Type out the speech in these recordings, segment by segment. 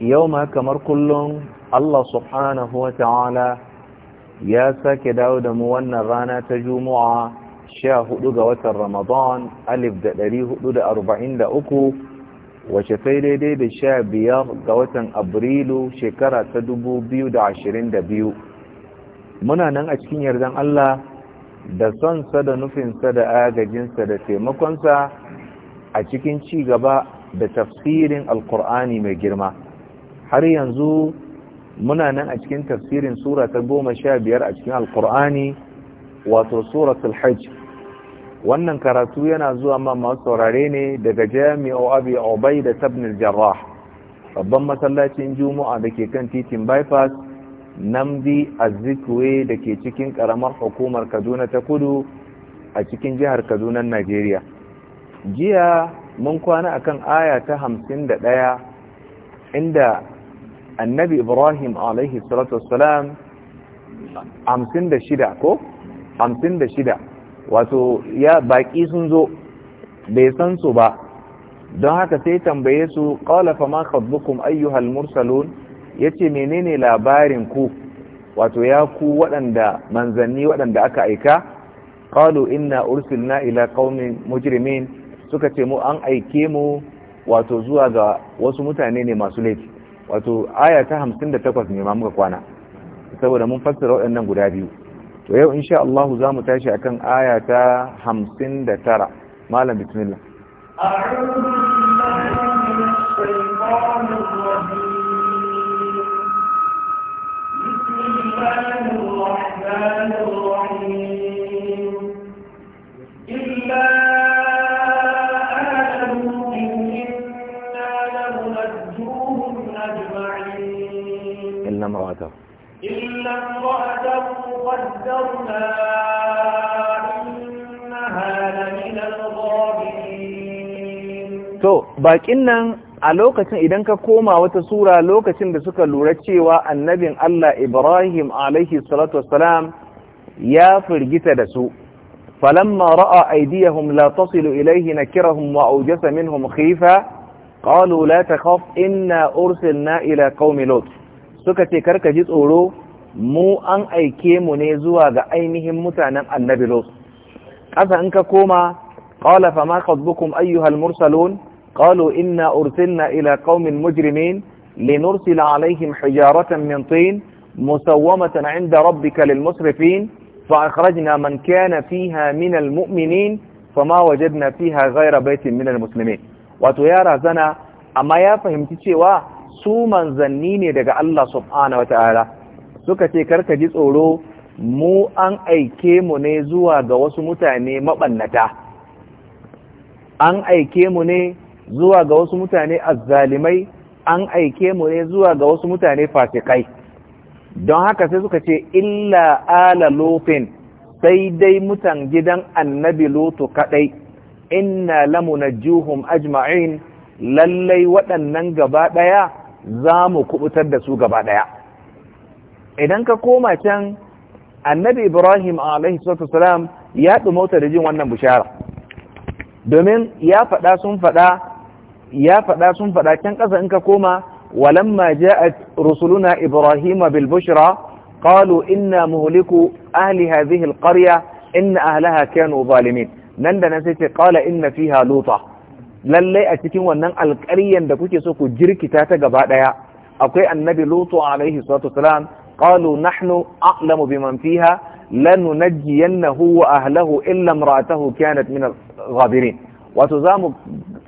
yau ma kamar kullum Allah subhanahu wa ta'ala ya sake dawo da mu wannan rana ta juma'a sha hudu ga watan ramadan alif da ɗari hudu da arba'in da uku wace sai daidai da sha biyar ga watan abrilu shekara ta dubu biyu da ashirin da biyu muna nan a cikin yardan Allah da sonsa da nufinsa da agajinsa da taimakonsa a cikin ci gaba da tafsirin alkur'ani mai girma har yanzu muna nan a cikin tafsirin sura ta goma sha biyar a cikin alkur'ani wato suratul hajj wannan karatu yana zuwa ma masu saurare ne daga jami'o abi obai da tabnil jarrah babban masallacin juma'a da ke kan titin bypass namdi azikwe da ke cikin karamar hukumar kaduna ta kudu a cikin jihar kaduna najeriya jiya mun kwana akan aya ta hamsin da ɗaya inda annabi ibrahim alaihi salatu wassalam hamsin ko hamsin da shida wato ya baki sun zo bai san su ba don haka sai tambaye su ƙawala fama khadbukum ayyuhal mursalun ya ce menene labarin ku wato ya ku waɗanda manzanni waɗanda aka aika ƙalu inna ursilna ila ƙaunin mujrimin suka ce mu an aike mu wato zuwa ga wasu mutane ne masu laifi wato aya ta 58 ne ma muka kwana saboda mun fassara waɗannan guda biyu to yau insha Allah za mu tashi akan aya ta 59 malam bismillah a'udhu billahi minash shaitanir rajim bismillahir rahmanir rahim illa إلا امرأته nan a lokacin idan ka koma wata sura lokacin da suka lura cewa annabin Allah Ibrahim alaihi salatu ya firgita da su فلما رأى أيديهم لا تصل إليه نكرهم وأوجس منهم خيفة قالوا لا تخاف إنا أرسلنا إلى قوم لوط suka ce ka ji tsoro mu an aike mu ne zuwa ga ainihin mutanen annabi lot kasa in ka koma qala fa ma khadbukum ayyuhal mursalun qalu inna ursilna ila qaumin mujrimin linursila alaihim hijaratan min tin musawwamatan 'inda rabbika lilmusrifin فأخرجنا من كان فيها من المؤمنين فما وجدنا فيها غير بيت من المسلمين وتيارى amma ya fahimci cewa su manzanni ne daga Allah subhanahu wa ta'ala suka ce karka ji tsoro mu an aike mu ne zuwa ga wasu mutane maɓannata an aike mu ne zuwa ga wasu mutane azzalimai an aike mu ne zuwa ga wasu mutane fasikai don haka sai suka ce illa ala lufin sai dai mutan gidan annabi lutu kadai inna juhun ajma'in lallai waɗannan gaba ɗaya za mu kubutar da su gaba ɗaya idan ka koma can annabi ibrahim alaihi salatu ya dumauta da jin wannan bishara domin ya faɗa sun faɗa ya faɗa sun faɗa can ƙasa in ka koma walamma ja'at rusuluna ibrahim bil bushra qalu inna muhliku ahli hadhihi al qarya inna ahlaha kanu zalimin nan da nan sai ce qala inna fiha luta lallai a cikin wannan alƙaryan da kuke so ku jirkita ta gaba ɗaya akwai annabi lutu alaihi salatu wasalam qalu nahnu a'lamu biman fiha lanunajjiyannahu wa ahlahu illa imra'atuhu kanat min al-ghabirin wato zamu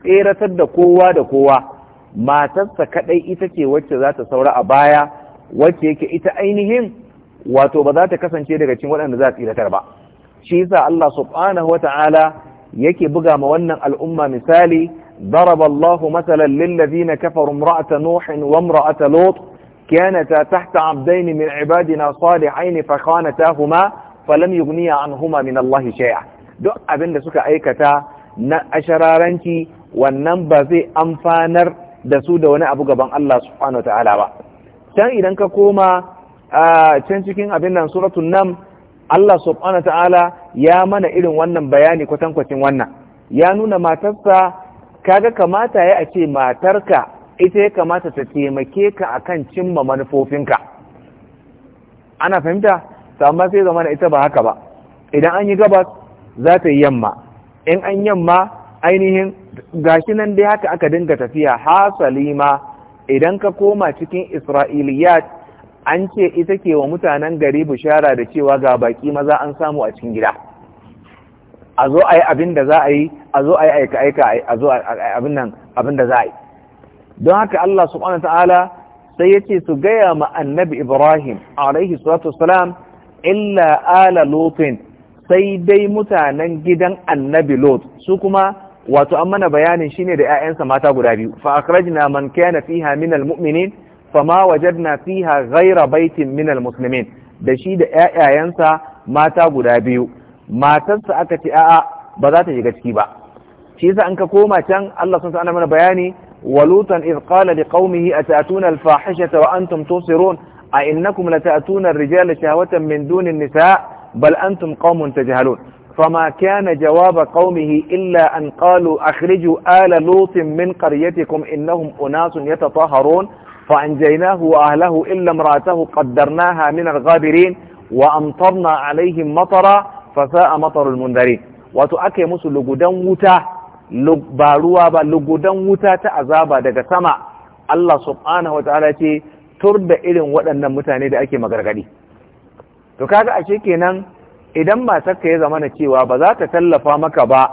tseratar da kowa da kowa matarsa kadai ita ce wacce zata ta saura a baya wacce yake ita ainihin wato ba za kasance daga cikin waɗanda za a tsiratar ba shi yasa Allah subhanahu ta'ala yake buga ma wannan al'umma misali ضرب الله مثلا للذين كفروا امرأة نوح وامرأة لوط كانتا تحت عبدين من عبادنا صالحين فخانتاهما فلم yugniya anhuma min Allah شيئا duk abin da suka aikata na ashararanci wannan ba zai amfanar da su da wani abu gaban Allah subhanahu ta'ala ba can idan ka koma can cikin abin nan suratul nam Allah subhanahu ta'ala ya mana irin wannan bayani kwatankwacin wannan ya nuna matarsa kaga kamata ya a ce matarka ita ya kamata ta taimake ka akan cimma manufofinka ana fahimta amma sai zama da ita ba haka ba idan an yi gabas za ta yi yamma in an yamma ainihin gashi nan dai haka aka dinga tafiya hasali ma idan ka koma cikin isra'iliyat an ce ita ke wa mutanen gari bishara da cewa ga baki maza an samu a cikin gida a zo a yi abin da za a yi a zo a yi aika aika a zo abin nan abin da za a yi don haka Allah subhanahu ta'ala sai yace su gaya ma annabi Ibrahim alaihi salatu wassalam illa ala lutin sai dai mutanen gidan annabi lot su kuma wato an mana bayanin shine da 'ya'yansa mata guda biyu fa akhrajna man kana fiha min almu'minin fama wajadna fiha ghayra baitin min almuslimin da shi da 'ya'yayansa mata guda biyu matarsa aka ce a'a ba za ta shiga ciki ba shi yasa an ka koma can Allah sun sa ana mana bayani ولوطا إذ قال لقومه أتأتون الفاحشة وأنتم تنصرون أئنكم لتأتون الرجال شهوة من دون النساء بل أنتم قوم تجهلون فما كان جواب قومه إلا أن قالوا أخرجوا آل لوط من قريتكم إنهم أناس يتطهرون فأنجيناه وأهله إلا امرأته قدرناها من الغابرين وأمطرنا عليهم مطرا فساء مطر المنذرين وتؤكي مسلق قدام ba ruwa ba lugudan wuta ta azaba daga sama Allah subhanahu wa ta'ala ce tur da irin waɗannan mutane da ake magargadi to kaga ashe kenan idan matarka ya zama na cewa ba za ta tallafa maka ba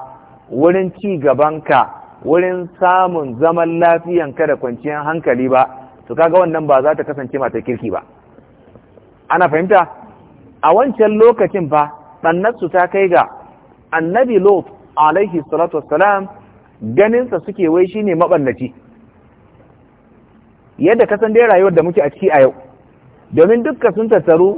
wurin ci gabanka wurin samun zaman lafiyanka da kwanciyar hankali ba to kaga wannan ba za ta kasance matar kirki ba ana fahimta a wancan lokacin fa ɗannarsu ta kai ga annabi lot alaihi salatu wassalam ganin sa suke wai shine mabannaci yadda kasan dai rayuwar da muke a ciki a yau domin dukkan sun tattaru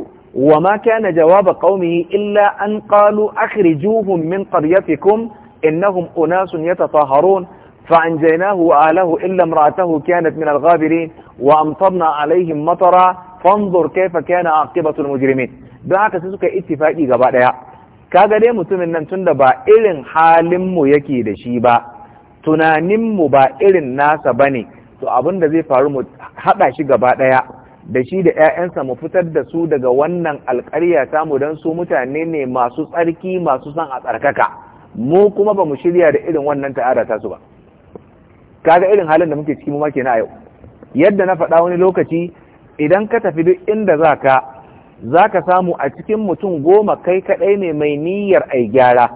wa ma kana jawaba qaumihi illa an qalu akhrijuhum min qaryatikum innahum unasun yatatahharun فأنجيناه وآله إلا امرأته كانت من الغابرين وأمطرنا عليهم مطرا فانظر كيف كان عاقبة المجرمين دعاك سيسوك اتفاقي قبل kaga dai mutumin nan tunda ba irin halinmu yake da shi ba tunaninmu ba irin nasa ba ne to abin da zai faru mu haɗa shi gaba ɗaya da shi da 'ya'yansa mu fitar da su daga wannan alƙarya mu don su mutane ne masu tsarki masu son a tsarkaka mu kuma ba mu shirya da irin wannan ta'ada ta su ba kaga irin halin da muke ciki mu ma kenan a yau yadda na faɗa wani lokaci idan ka tafi duk inda za ka za ka samu a cikin mutum goma kai kaɗai ne mai niyyar ai gyara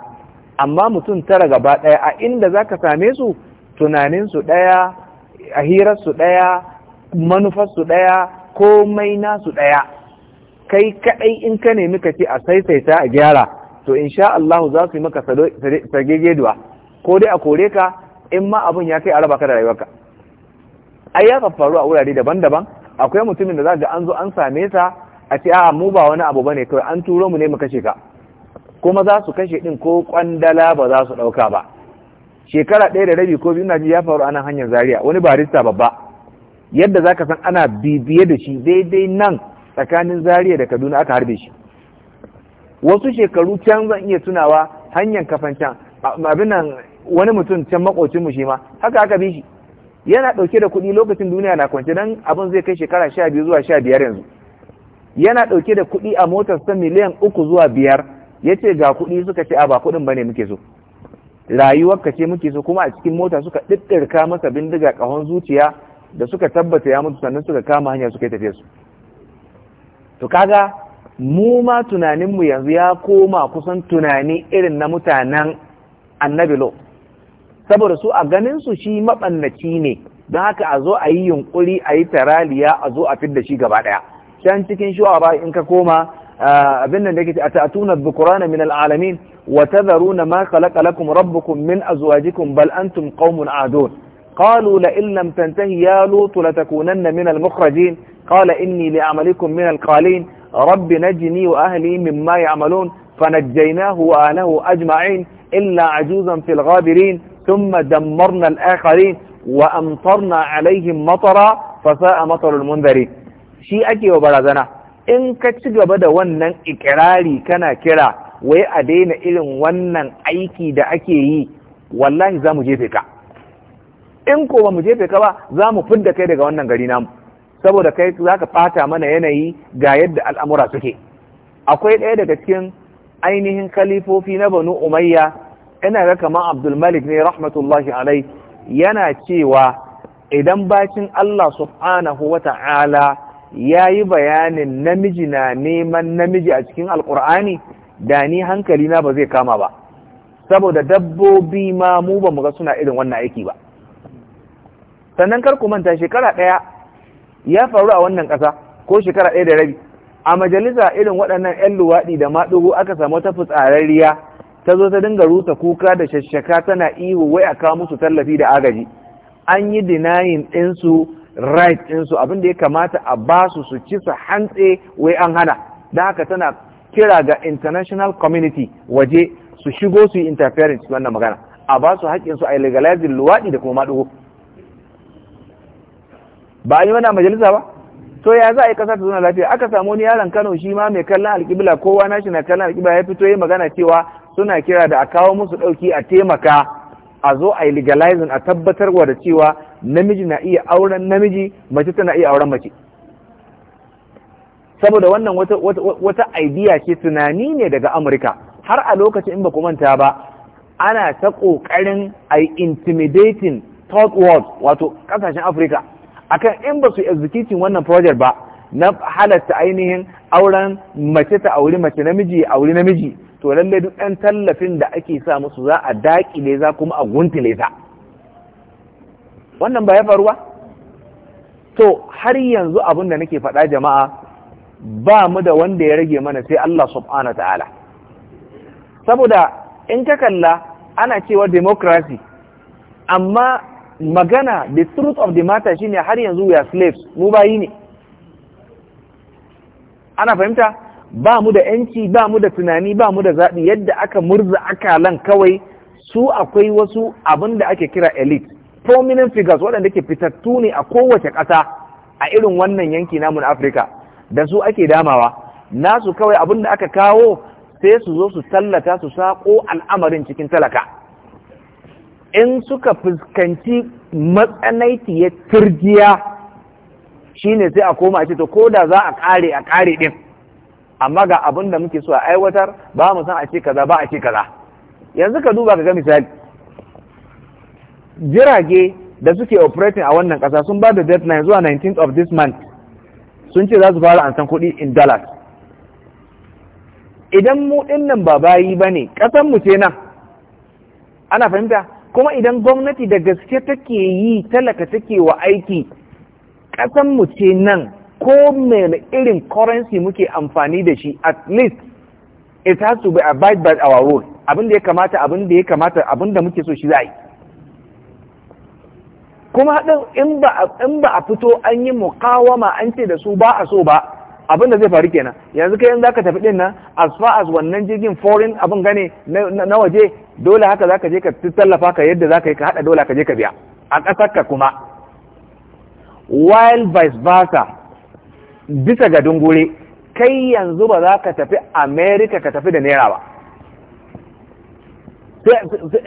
amma mutum tara gaba ɗaya a inda za ka same su tunaninsu ɗaya a hirarsu ɗaya manufarsu ɗaya komai nasu ɗaya kai kaɗai in ka nemi ka ce a saisaita a gyara to sha Allah za su yi maka sagegeduwa ko dai a kore ka in ma abin ya kai a raba ka da rayuwarka ai ya faru a wurare daban-daban akwai mutumin da za ga an zo an same ta a ce a'a mu ba wani abu bane kawai an turo mu ne mu kashe ka kuma za su kashe din ko kwandala ba za su dauka ba shekara ɗaya da rabi ko biyu na ji ya faru ana hanyar zaria wani barista babba yadda za ka san ana bibiye da shi daidai nan tsakanin zaria da kaduna aka harbe shi wasu shekaru can zan iya tunawa hanyar kafan can abin nan wani mutum can makocinmu shi ma haka aka bi shi yana ɗauke da kuɗi lokacin duniya na kwance don abin zai kai shekara sha biyu zuwa sha biyar yanzu yana ɗauke da kuɗi a motar motarsa miliyan uku zuwa biyar ya ce ga kuɗi suka ce a ba kuɗin ba ne muke so rayuwar ce muke so kuma a cikin mota suka ɗiɗɗirka masa bindiga ƙahon zuciya da suka tabbata ya mutu sannan suka kama hanya suka yi su to kaga mu ma tunaninmu yanzu ya koma kusan tunani irin na mutanen annabi lo saboda su a ganin su shi maɓannaci ne don haka a zo a yi yunƙuri a yi taraliya a zo a fidda shi gaba ɗaya كان cikin شو أراي ka كوما abin nan da yake atatuna dhukrana min alalamin wa tadharuna ma khalaqa lakum rabbukum min azwajikum bal قالوا لئن لم تنتهي يا لوط لتكونن من المخرجين قال إني لعملكم من القالين رب نجني وأهلي مما يعملون فنجيناه وأهله أجمعين إلا عجوزا في الغابرين ثم دمرنا الآخرين وأمطرنا عليهم مطرا فساء مطر المنذرين shi ake wa barazana in ka ci gaba da wannan ikirari kana kira wai a daina irin wannan aiki da ake yi wallahi za mu jefe ka in ko ba mu jefe ka ba za mu fidda kai daga wannan gari namu saboda kai za ka fata mana yanayi ga yadda al'amura suke akwai ɗaya daga cikin ainihin kalifofi na banu umayya ina ga kamar abdulmalik ne rahmatullahi alai yana cewa idan bacin allah subhanahu wa ta'ala ya yi bayanin namiji na neman namiji a cikin alkur'ani da ni hankali na ba zai kama ba saboda dabbobi ma mu ba mu ga suna irin wannan aiki ba sannan kar ku manta shekara ɗaya ya faru a wannan ƙasa ko shekara ɗaya da rabi a majalisa irin waɗannan 'yan luwaɗi da maɗugu aka samu ta fitsararriya ta zo ta dinga rusa kuka da shashshaka tana iwo wai a kawo musu tallafi da agaji an yi dinayin ɗinsu right ɗinsu abin da ya kamata a ba su su ci su hantse wai an hana da haka tana kira ga international community waje su shigo su yi interference wannan magana a ba su haƙƙinsu a legalizing luwaɗi da kuma maɗugo ba a yi wannan majalisa ba to ya za a yi ƙasa ta zauna lafiya aka samu wani yaron kano shi ma mai kallon alƙibla kowa nashi na kallon alƙibla ya fito ya magana cewa suna kira da a kawo musu ɗauki a taimaka a zo a yi legalizing a tabbatarwa da cewa namiji na iya auren namiji mace tana iya auren mace saboda wannan wata, wata, idea ce tunani ne daga amurka har a lokacin in ba manta ba ana ta ƙoƙarin a yi intimidating third world wato ƙasashen afirka akan in ba su executing wannan project ba na halatta ainihin auren mace ta auri mace namiji ya auri namiji to lalle duk ɗan tallafin da ake sa musu za a daƙile za kuma a guntule za wannan ba ya faruwa to har yanzu abin da nake faɗa jama'a ba mu da wanda ya rage mana sai Allah subhanahu ta'ala saboda in ka kalla ana cewa democracy amma magana the truth of the matter shine har yanzu we are slaves mu bayi ne ana fahimta ba mu da yanci ba mu da tunani ba mu da zaɓi yadda aka murza akalan kawai su akwai wasu abin da ake kira elite prominent figures waɗanda ke fitattu ne a kowace ƙasa a irin wannan yanki namu na afirka da su ake damawa nasu kawai abin da aka kawo sai su zo su tallata su saƙo al'amarin cikin talaka in suka fuskanci matsanaiti ya turjiya Shi ne sai a koma ce to ko da za a kare a kare ɗin, amma ga abin da muke so a aiwatar ba mu san a ce kaza ba a ce kaza yanzu ka duba ka ga misali jirage da suke operating a wannan kasa sun ba da deadline zuwa 19th of this month sun ce za su fara an san kuɗi in dollars idan mu ɗin nan ba bayi ba ne mu ce nan ana fahimta kuma idan gwamnati da gaske take yi talaka take wa aiki ƙasan mu ce nan ko mene irin currency muke amfani da shi at least it has to be abide by our rule abin da ya kamata abin da ya kamata abin da muke so shi za a yi kuma haɗin in ba a fito an yi mukawama an ce da su ba a so ba abin da zai faru kenan yanzu kai in zaka tafi din nan as far as wannan jirgin foreign abin gane na waje dole haka zaka je ka tallafa ka yadda zaka yi ka hada dole ka je ka biya a ƙasar ka kuma while vice versa bisa ga dungure kai yanzu ba za ka tafi america ka tafi da naira ba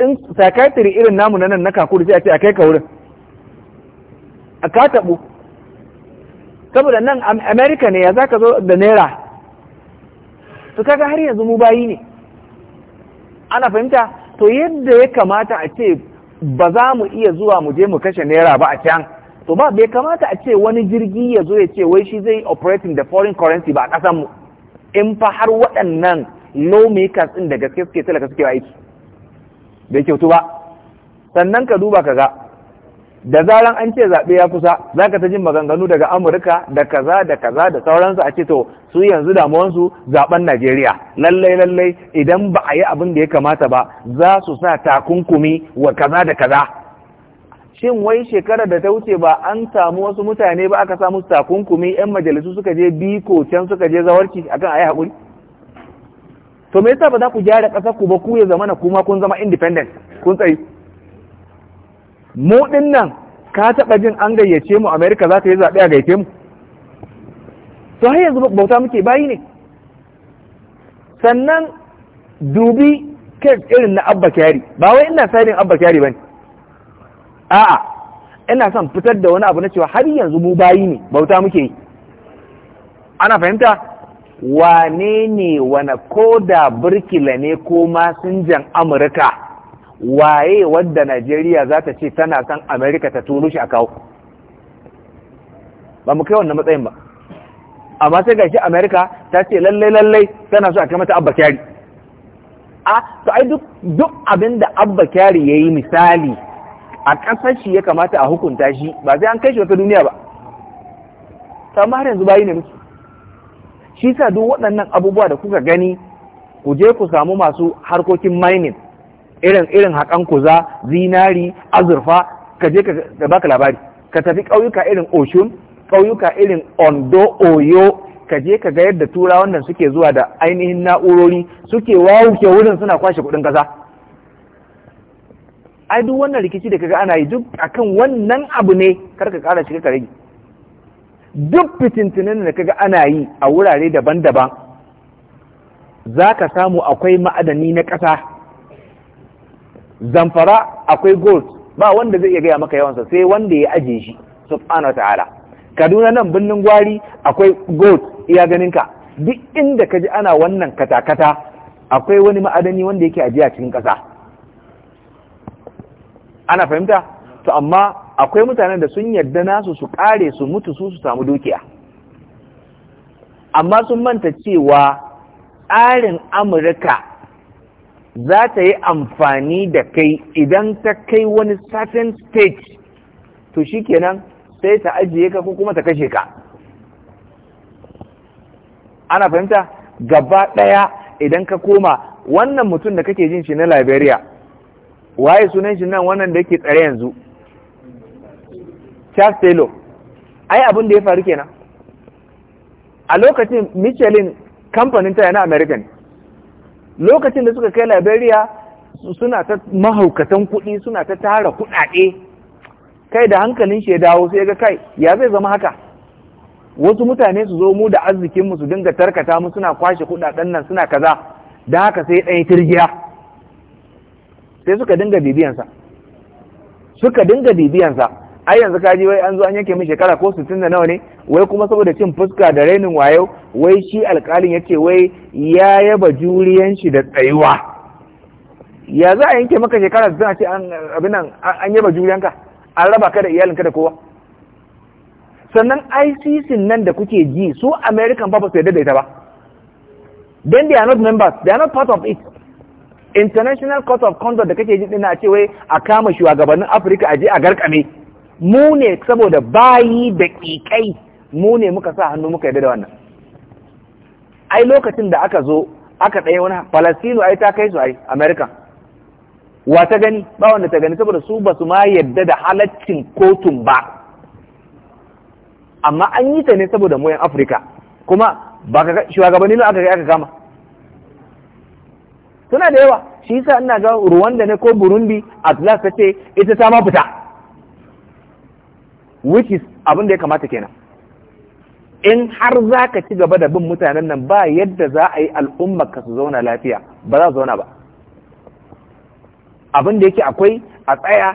in psychiatry irin namu nan na kakuri sai a ce a kai ka wurin a ka tabu saboda nan america ne ya za ka zo da naira su kaga har yanzu mu bayi ne ana fahimta to yadda ya kamata a ce ba za mu iya zuwa mu je mu kashe naira ba a can to ba bai kamata a ce wani jirgi ya zo ya ce wai shi zai operating da foreign currency ba a ƙasan mu in fa har waɗannan low-makers ɗin da gaske suke talaka suke aiki bai kyautu ba sannan ka duba ka da zaran an ce zaɓe ya kusa za ka ta jin maganganu daga amurka da kaza da kaza da sauransu a ce to su yanzu damuwansu zaɓen najeriya lallai lallai idan ba a yi abin da ya kamata ba za su sa takunkumi wa kaza da kaza shin wai shekarar da ta wuce ba an samu wasu mutane ba aka samu takunkumi yan majalisu suka je biko can suka je zawarci akan ayi hakuri to me yasa ba za ku gyara ƙasar ku ba ku ya zamana kuma kun zama independent kun tsayi mu nan ka taɓa jin an gayyace mu Amerika za ta yi zaɓe a gaice mu to har yanzu bauta muke bayi ne sannan dubi kes irin na abba kyari ba wai ina sadin abba kyari ba ne. a'a ina son fitar da wani abu na cewa har yanzu mu bayi ne bauta muke yi ana fahimta wane ne wane ko da burkila ne ko masinjan amurka waye wadda najeriya za ta ce tana son amerika ta tunu shi a kawo ba mu kai wannan matsayin ba amma sai gashi amerika ta ce lallai lallai tana so a kai mata abba kyari a to ai duk abin da abba kyari ya yi misali a ƙasar shi ya kamata a hukunta shi ba sai an kai shi wata duniya ba amma har yanzu bayi ne muke shi sa duk waɗannan abubuwa da kuka gani ku je ku samu masu harkokin mining irin irin haƙan kuza zinari azurfa ka je ka baka labari ka tafi ƙauyuka irin oshun ƙauyuka irin ondo oyo ka je ka ga yadda turawan nan suke zuwa da ainihin na'urori suke wawuke wurin suna kwashe kuɗin ƙasa ai duk wannan rikici da kaga ana yi duk akan wannan abu ne kar ka kara shiga ka rage duk fitintinin da kaga ana yi a wurare daban-daban za ka samu akwai ma'adani na ƙasa zamfara akwai gold ba wanda zai iya gaya maka yawansa sai wanda ya ajiye shi subhanahu ta'ala kaduna nan birnin gwari akwai gold iya ganinka duk inda ka ji ana wannan katakata akwai wani ma'adani wanda yake ajiya cikin ƙasa ana fahimta to amma akwai mutanen da sun yarda nasu su kare su mutu su su samu dukiya amma sun manta cewa tsarin amurka za ta yi amfani da kai idan ta kai wani certain stage to shikenan sai ta ajiye ka ko kuma ta kashe ka ana fahimta gaba ɗaya idan ka koma wannan mutum da kake jin shi na liberia waye sunan shi nan wannan da yake tsare yanzu Charles Taylor ai abin da ya faru kenan a lokacin Michelin kamfanin ta na American lokacin da suka kai Liberia suna ta mahaukatan kuɗi suna ta tara kuɗaɗe kai da hankalin shi ya dawo sai ga kai ya zai zama haka wasu mutane su zo mu da arzikin mu su dinga tarkata mu suna kwashe kuɗaɗen nan suna kaza da haka sai ɗaya tirgiya sai suka dinga bibiyansa suka dinga bibiyansa ai yanzu ka ji wai an zo an yanke min shekara ko 60 da nawa ne wai kuma saboda cin fuska da rainin wayo wai shi alƙalin ya ce wai ya yaba juriyan shi da tsayuwa ya za a yanke maka shekara da ce an yaba ka, an raba ka da iyalinka da kowa sannan ICC nan da kuke ji su American ba su yarda da ita ba then they are not members they are not part of it international court of conduct da kake ji dina a cewa a kama shugabannin Afirka a je a garkame mu ne saboda bayi da kikai mu ne muka sa hannu muka yarda da wannan ai lokacin da aka zo aka ɗaya wani Falastinu ai ta kai su ai America wa ta gani ba wanda ta gani saboda su ba su ma yadda da halaccin kotun ba amma an yi ta ne saboda mu Afirka kuma ba ka shugabanni aka aka kama suna da yawa shi yasa ina ga Rwanda ne ko Burundi Atlas ta ce ita ta ma fita which is abin da ya kamata kenan in har za ka ci gaba da bin mutanen nan ba yadda za a yi al'ummar ka su zauna lafiya ba za su zauna ba abin da yake akwai a tsaya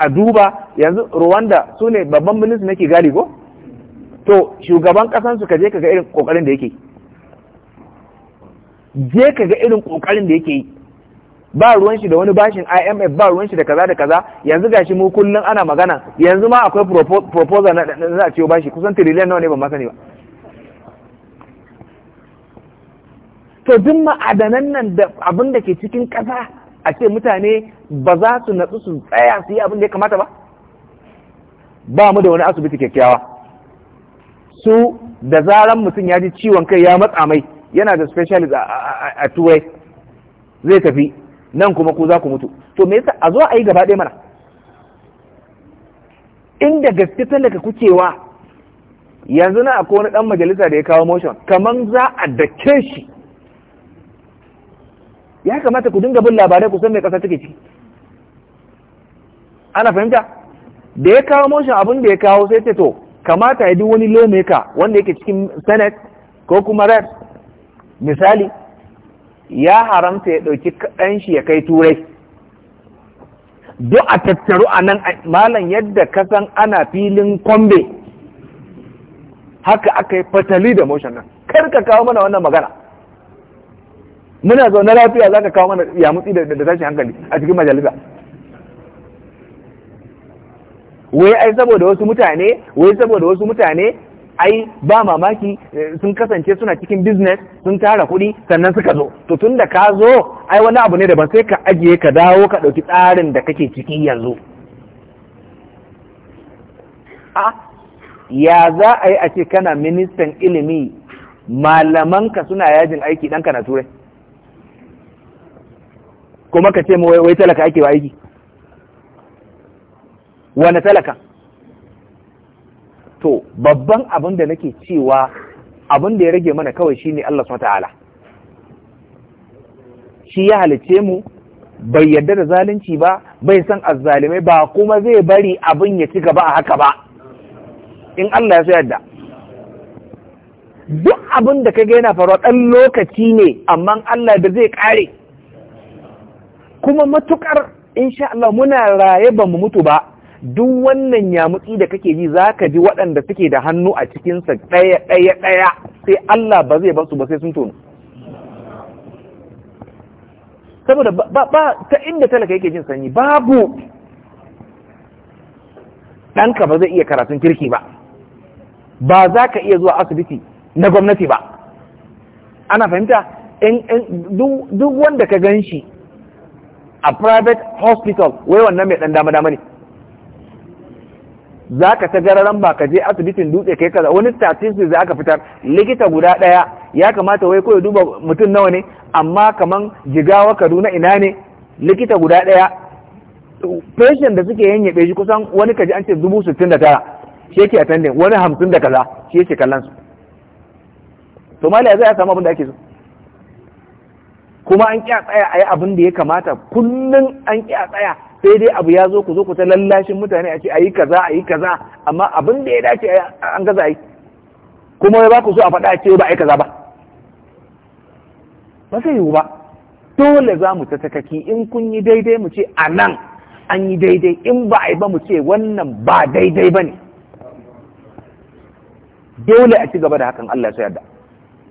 a duba yanzu Rwanda su ne babban ministan nake gari ko to shugaban kasan ka je ka ga irin kokarin da yake je ka ga irin kokarin da yake yi ba ruwan shi da wani bashin IMF ba ruwan shi da kaza da kaza yanzu gashi mu kullun ana magana yanzu ma akwai proposal na za a ciyo bashi kusan trillion nawa ne ban masani ba to duk ma'adanan nan da abin da ke cikin kasa a ce mutane ba za su natsu su tsaya su yi abin da ya kamata ba ba mu da wani asibiti kyakkyawa su da zaran mutum ya ji ciwon kai ya matsa mai yana da specialist a turai zai tafi nan kuma ku za ku mutu to me yasa a zo a yi gaba ɗaya mana inda gaske talaka kucewa yanzu na akwai wani ɗan majalisa da ya kawo motion kamar za a dake shi ya kamata ku dinga bin labarai ku san mai ƙasa take ciki ana fahimta da ya kawo motion abin da ya kawo sai ce to kamata ya duk wani lawmaker wanda yake cikin senate ko kuma rep misali ya haramta ya ɗauki kaɗan shi ya kai turai duk a tattaru a nan malam yadda ka san ana filin kwambe haka aka yi fatali da motion nan kar ka kawo mana wannan magana muna zaune lafiya za ka kawo mana yamutsi da tashin hankali a cikin majalisa wai ai saboda wasu mutane wai saboda wasu mutane ai ba mamaki sun kasance suna cikin business sun tara kuɗi sannan suka zo to tun da ka zo ai wani abu ne daban sai ka ajiye ka dawo ka ɗauki tsarin da kake ciki yanzu a ya za a yi a ce kana ministan ilimi malamanka suna yajin aiki ɗanka na turai kuma ka ce wai talaka ake wa aiki wane talaka to babban abin da nake cewa abin da ya rage mana kawai shine Allah subhanahu ta'ala shi ya halice mu bai yarda da zalunci ba bai san azzalimai ba kuma zai bari abin ya ci gaba a haka ba in Allah ya so yarda duk abin da kage yana faruwa ɗan lokaci ne amma Allah da zai ƙare kuma matukar insha Allah muna raye ba mu mutu ba duk wannan yamutsi da kake ji za ka ji waɗanda suke da hannu a cikinsa ɗaya ɗaya ɗaya sai Allah ba zai basu ba sai sun tono saboda ba ta inda talaka yake jin sanyi babu ɗanka ba zai iya karatun kirki ba ba za ka iya zuwa asibiti na gwamnati ba ana fahimta duk wanda ka gan shi a private hospital wai wannan mai ɗan dama dama ne za ka ta gararan ba ka je asibitin dutse kai kaza wani statistics za ka fitar likita guda ɗaya ya kamata wai kawai duba mutum nawa ne amma kaman jigawa kaduna ina ne likita guda ɗaya patient da suke yanyabe shi kusan wani kaji an ce dubu sittin da tara shi yake attending wani hamsin da kaza shi yake kallon su to mali zai samu abin da ake so kuma an a tsaya a yi abin da ya kamata kullum an a tsaya sai dai abu ya zo ku zo ku ta lallashin mutane a ce ayi kaza yi kaza amma abin da ya dace an gaza yi kuma ba ku so a faɗa a ce ba a yi kaza ba ba sai yiwu ba dole za mu ta takaki in kun yi daidai mu ce a nan an yi daidai in ba a yi ba mu ce wannan ba daidai ba ne dole a ci gaba da hakan Allah ya yarda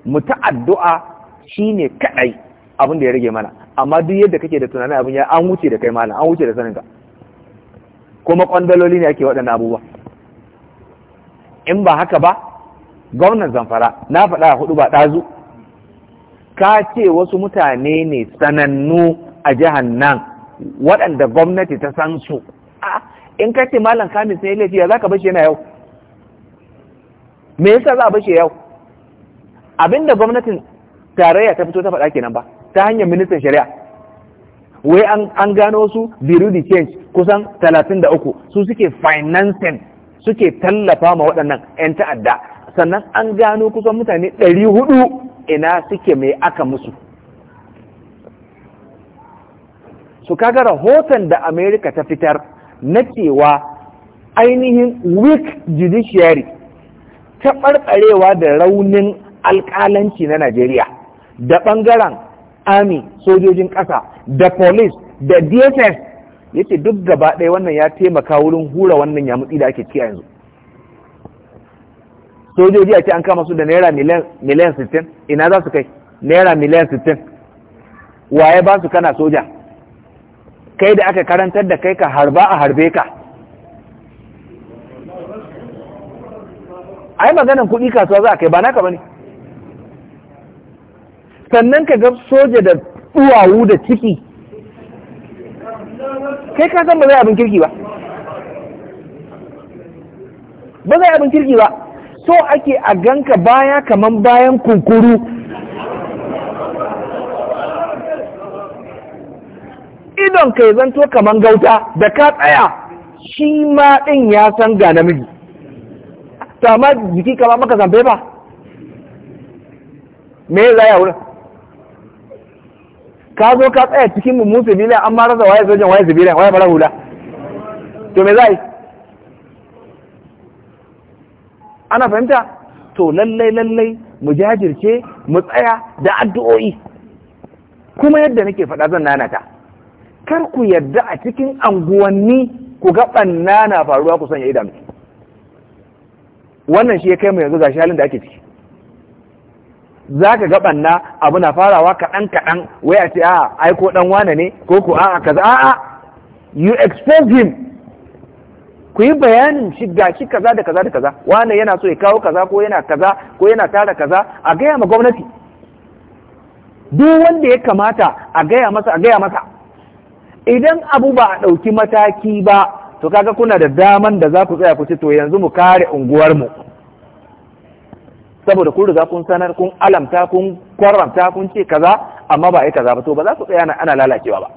mu ta addu'a shine kaɗai abin da ya rage mana amma duk yadda kake da tunanin abin ya an wuce da kai malam an wuce da saninka kuma kwandaloli ne ake waɗannan abubuwa in ba haka ba gwamnan zamfara na faɗa a hudu ba ɗazu ka ce wasu mutane ne sanannu a jihar nan waɗanda gwamnati ta san su in ka ce malam kamis ne laifi ya za ka bashi yana yau me yasa za a bashi yau abinda gwamnatin tarayya ta fito ta faɗa kenan ba ta hanyar ministan shari'a wai an gano su biru change kusan talatin 33 su suke financing suke tallafa ma waɗannan 'yan ta'adda sannan an gano kusan mutane ɗari 400 ina suke mai aka musu su kaga rahoton da Amerika ta fitar na cewa ainihin weak judiciary ɓarɓarewa da raunin alƙalanci na najeriya da ɓangaren army sojojin ƙasa da police da dss yace duk gaba ɗaya wannan ya taimaka wurin hura wannan yamutsi da ake ciki a yanzu sojoji a ce an kama su da naira miliyan 60 ina za su kai naira miliyan 60 waye ba su kana soja kai da aka karantar da kai ka harba a harbe ka ai maganan kuɗi kasuwa za a kai ba naka ba ne sannan ka ga soja da duwawu da ciki kai ka san ba zai abin kirki ba ba zai abin kirki ba so ake a ganka baya kaman bayan kunkuru idon ka zanto kaman gauta da ka tsaya shi ma ɗin ya san ga namiji to amma jiki kama maka zambe ba me za ya wurin ka zo ka tsaya cikin mummun sabila an mara waye sojan waye sabila waye bara hula to me za yi ana fahimta to lallai lallai mu jajirce mu tsaya da addu'o'i kuma yadda nake faɗa zan nanata kar ku yadda a cikin anguwanni ku ga ɓanna na faruwa ku sanya idanu wannan shi ya kai mu yanzu shi halin da ake ciki za ka ga banna abu na farawa kaɗan kaɗan wai a ce a aiko ɗan wane ne ko ku a kaza a you expose him ku yi bayanin shi shi kaza da kaza da kaza wane yana so ya kawo kaza ko yana kaza ko yana tara kaza a gaya ma gwamnati duk wanda ya kamata a gaya masa a gaya masa idan abu ba a ɗauki mataki ba to kaga kuna da daman da za ku tsaya ku ce to yanzu mu kare unguwarmu saboda kun riga kun sanar kun alamta kun kwaramta kun ce kaza amma ba ai kaza ba to ba za ku tsaya ana lalacewa ba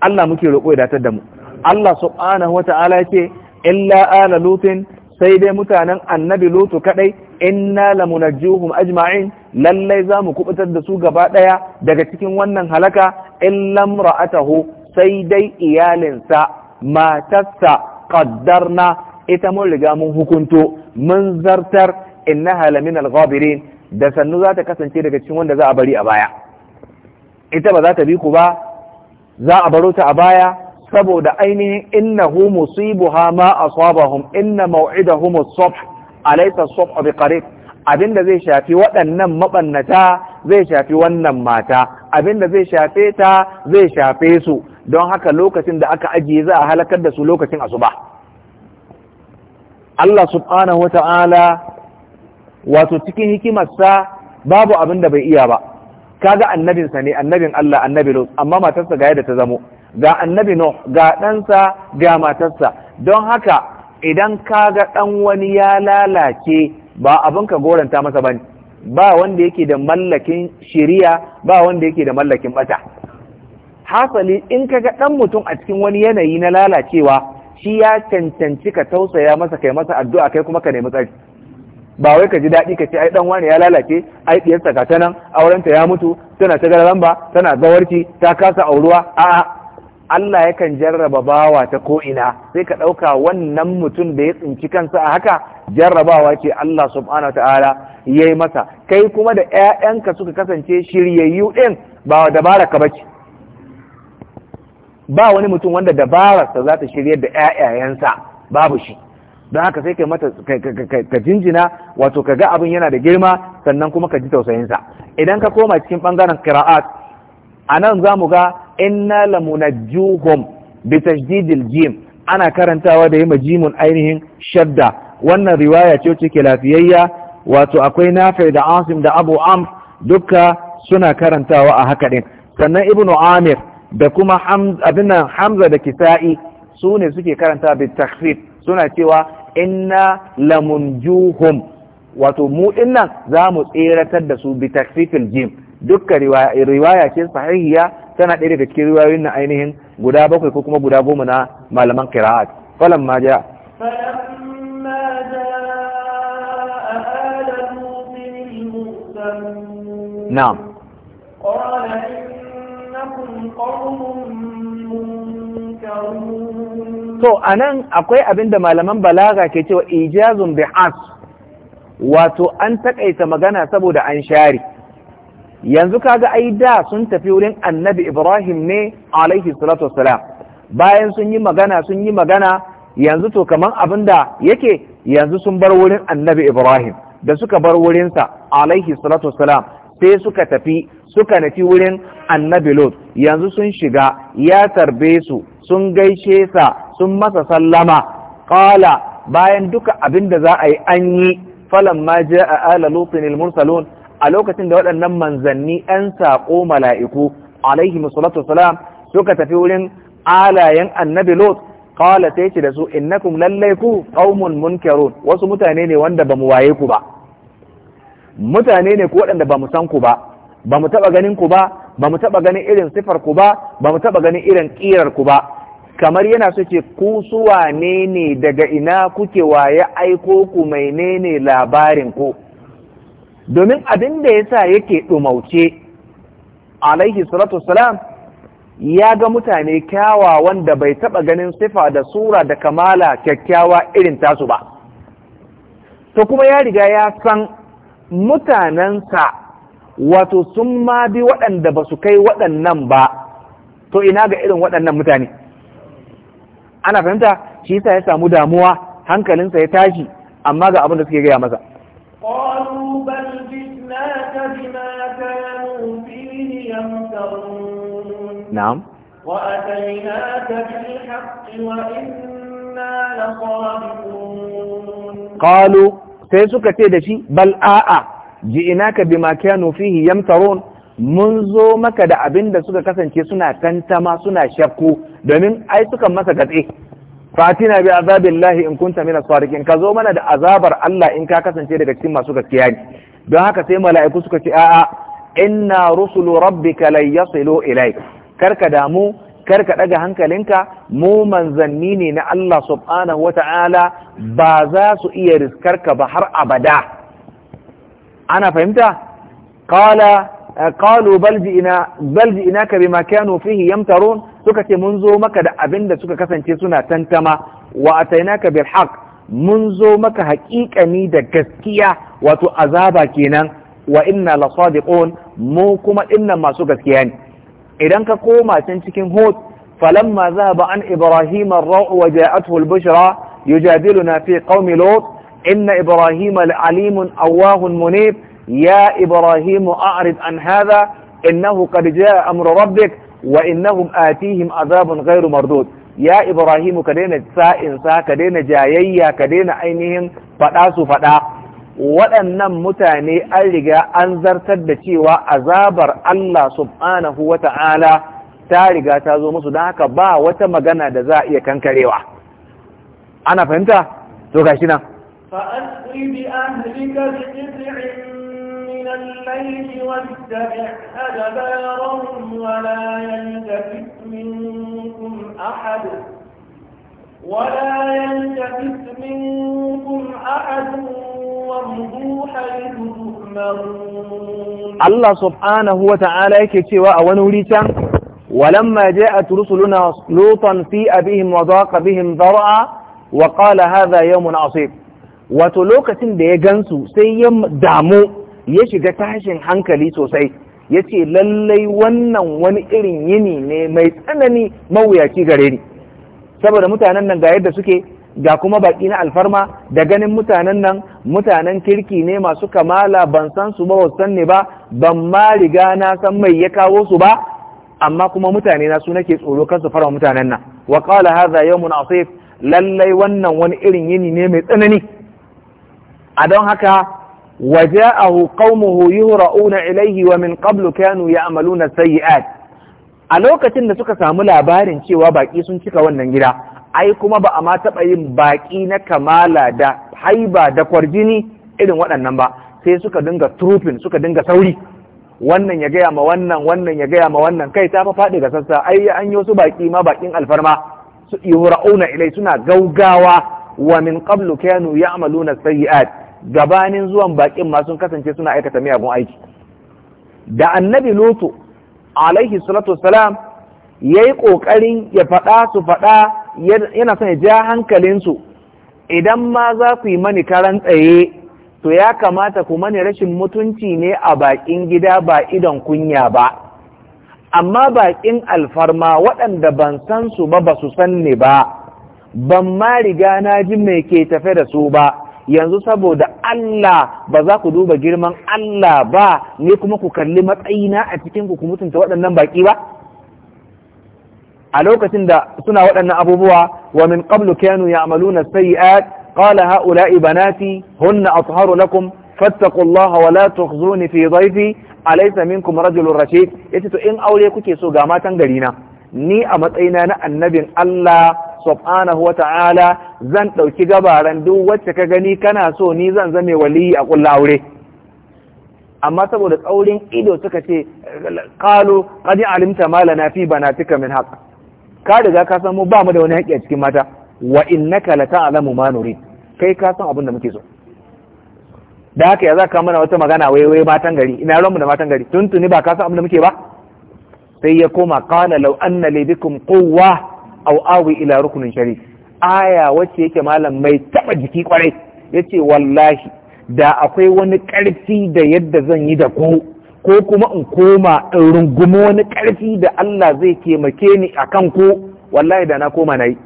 Allah muke roƙo ya datar da mu Allah subhanahu wa ta'ala ce illa ala lutin sai dai mutanen annabi lutu kadai inna lamunajjuhum ajma'in lallai za mu kubutar da su gaba daya daga cikin wannan halaka illa ra'atahu sai dai iyalinsa matarsa qaddarna ita mun riga mun hukunto mun zartar innaha lamin al da sannu za ta kasance daga cikin wanda za a bari a baya ita ba za ta bi ku ba za a baro ta a baya saboda ainihin innahu musibuha ma asabahum inna maw'idahum as-subh alaysa as-subh biqarib abinda zai shafi waɗannan mabannata zai shafi wannan mata abinda zai shafe ta zai shafe su don haka lokacin da aka ajiye za a halakar da su lokacin asuba Allah subhanahu wa ta'ala wato cikin hikimarsa babu abin da bai iya ba kaga annabinsa ne annabin Allah annabi Lut amma matarsa ga yadda ta zamo ga annabi Nuh ga ɗansa ga matarsa don haka idan kaga ɗan wani ya lalace ba abin ka goranta masa bane ba wanda yake da mallakin shiriya ba wanda yake da mallakin mata. hasali in ka ga ɗan mutum a cikin wani yanayi na lalacewa shi ya cancanci ka tausaya masa kai masa addu'a kai kuma ka nemi tsari ba wai ka ji daɗi ka ce ai dan wani ya lalace ai diyarsa ga ta nan aurenta ya mutu tana ta lamba, tana gawarci ta kasa auruwa a'a Allah yakan jarraba bawa ta ko'ina sai ka ɗauka wannan mutum da ya tsinci kansa a haka jarrabawa ce Allah subhanahu ta'ala ya yi masa kai kuma da ‘ya'yanka suka kasance shiryayyu ɗin ba wa dabara ka bace ba wani mutum wanda dabararsa za ta shiryar da ƴaƴayensa babu shi don haka sai ka jinjina wato ka ga abin yana da girma sannan kuma ka ji tausayinsa idan ka koma cikin bangaren a nan za mu ga inna Juhum, bi tajdidil jim ana karantawa da yima jimun ainihin shadda wannan riwaya ce ke lafiyayya wato akwai nafi da asim da abu am dukka suna karantawa a haka din sannan ibnu amir da kuma abin hamza da kisa'i su ne suke karanta bi suna cewa inna juhum wato mu dinnan za mu tseratar da su bi takfifil jim dukkan riwaya ce sahihiya tana ɗaya daga cikin riwayoyin na ainihin guda bakwai ko kuma guda goma na malaman qira'at falamma ja na'am قال إنكم قوم to nan akwai abin da malaman balaga ke cewa ijazun bi'as wato an taƙaita magana saboda an share yanzu kaga ai da sun tafi wurin annabi ibrahim ne alaihi salatu wassalam bayan sun yi magana sun yi magana yanzu to kamar abin da yake yanzu sun bar wurin annabi ibrahim da suka bar wurinsa alaihi salatu wassalam sai suka tafi suka nafi wurin annabi lot yanzu sun shiga ya tarbe su sun gaishe sa sun masa sallama qala bayan duka abinda za a yi an yi falamma jaa ala lutin al-mursalun a lokacin da waɗannan manzanni 'yan saƙo mala'iku alaihi musulatu salam suka tafi wurin alayen annabi lot kawala ta ce da su innakum lallai ku ƙaumun munkarun wasu mutane ne wanda ba mu waye ku ba mutane ne ku waɗanda ba mu san ku ba ba mu taɓa ganin ku ba ba mu taɓa ganin irin sifar ku ba ba mu taɓa ganin irin ƙirar ku ba kamar yana so ce ku su wane ne daga ina kuke waye aiko ku menene labarin ku domin abin da ya sa yake ɗumauce alaihi salatu salam ya ga mutane kyawawan da bai taɓa ganin sifa da sura da kamala kyakkyawa irin tasu ba to kuma ya riga ya san mutanensa wato sun ma bi waɗanda ba su kai waɗannan ba to ina ga irin waɗannan mutane ana fahimta shi sa ya samu damuwa hankalinsa ya tashi amma ga abin da suke gaya masa na'am sai suka ce da shi bal a'a ji'inaka bima kanu fihi yamtarun mun zo maka da abin da suka kasance suna tantama suna shakku domin ai suka masa katse fatina bi azabillahi in kunta min as-sadiqin ka zo mana da azabar Allah in ka kasance daga cikin masu gaskiya ne don haka sai mala'iku suka ce a'a inna rusulu rabbika lan yasilu ilaik karka damu karka daga hankalinka mu manzanni ne na Allah subhanahu wata'ala ba za su iya riskarka ba har abada ana fahimta qala qalu bal ji'ina bal ji'inaka bima kanu fihi yamtarun suka ce mun zo maka da abin da suka kasance suna tantama wa atainaka bil haqq mun zo maka haƙiƙani da gaskiya wato azaba kenan wa inna la sadiqun mu kuma inna masu gaskiya ne idan ka koma can cikin hud falamma zahaba an ibrahim ar-ra'u wa ja'atuhu al-bushra yujadiluna fi qaumi lut inna ibrahim al-alimun awwahun munib يا إبراهيم أعرض عن هذا إنه قد جاء أمر ربك وإنهم آتيهم عذاب غير مردود يا إبراهيم كدين daina jayayya, كدين daina كدين عينهم su faɗa. waɗannan mutane an riga an zartar da cewa azabar Allah subhanahu wa ta'ala ta riga ta zo musu don haka ba wata magana da za a iya kankarewa ana fahimta to gashi nan فأسري بأهلك بجزع من الليل واتبع أدبارهم ولا يلتفت منكم أحد ولا يلتفت منكم أحد وامضوا حيث تؤمرون الله سبحانه وتعالى يكتش وأول وليتا ولما جاءت رسلنا لوطا في أبيهم وضاق بهم ذرعا وقال هذا يوم عصيب wato lokacin da ya gansu sai ya damu ya shiga tashin hankali sosai ya ce lallai wannan wani irin yini ne mai tsanani mawuyaci gare ni saboda mutanen nan ga yadda suke ga kuma baki na alfarma da ganin mutanen nan mutanen kirki ne masu kamala ban san su ba san ne ba ban ma riga na san mai ya kawo su ba amma kuma mutane na su nake tsoro kan su fara mutanen nan wa qala hadha yawmun asif lallai wannan wani irin yini ne mai tsanani a don haka waje a waja'ahu hoyi hura'una ilaihi wa min qablu kanu ya'maluna ad. a lokacin da suka samu labarin cewa baƙi sun cika wannan gida ai kuma ba a ma taɓa yin baƙi na kamala da haiba da kwarjini irin waɗannan ba sai suka dinga turufin, suka dinga sauri wannan ya gaya ma wannan wannan ya gaya ma wannan kai ta fa faɗi ga sassa ai an yi su baki ma bakin alfarma su yuhra'una ilai suna gaugawa wa min qablu kanu ya'maluna ad. gabanin zuwan bakin ma sun kasance suna aikata miyagun aiki da annabi lutu alaihi salatu salam, ya yi ƙoƙarin ya faɗa su faɗa yana son ya ja hankalinsu idan ma za ku yi mani karan tsaye to ya kamata ku mani rashin mutunci ne a bakin gida ba idan kunya ba amma bakin alfarma waɗanda ban san su ba ba su san ni ba ban ma riga na ji mai ke tafe da su ba yanzu saboda Allah ba za ku duba girman Allah ba ne kuma ku kalli matsayina a cikin ku mutunta waɗannan baƙi ba a lokacin da suna waɗannan abubuwa wa min qablu kanu ya'maluna sayyi'at qala ha'ula'i banati hunna atharu lakum fattaqullaha wa la tukhzuni fi dhayfi alaysa minkum rajulun rashid yace to in aure kuke so ga matan gari na ni a matsayina na annabin Allah subhanahu wa ta'ala zan ɗauki gabaran duk wacce ka gani kana so ni zan zame waliyi a ƙulla aure amma saboda tsaurin ido suka ce ƙalo ƙadi alimta lana fi banatika min haka ka riga ka san mu ba mu da wani haƙƙi a cikin mata wa innaka la ta'lamu ma nurid kai ka san abin da muke so da haka ya za ka mana wata magana waiwai matan gari ina ranmu da matan gari tuntuni ba ka san abin da muke ba sai ya koma qala law anna li bikum quwwa au ila rukunin shari aya wacce yake malam mai taba jiki kwarai yace wallahi da akwai wani ƙarfi da yadda zan yi da ku ko kuma in koma in rungumi wani ƙarfi da Allah zai taimake ni a kan ku wallahi da na koma nayi.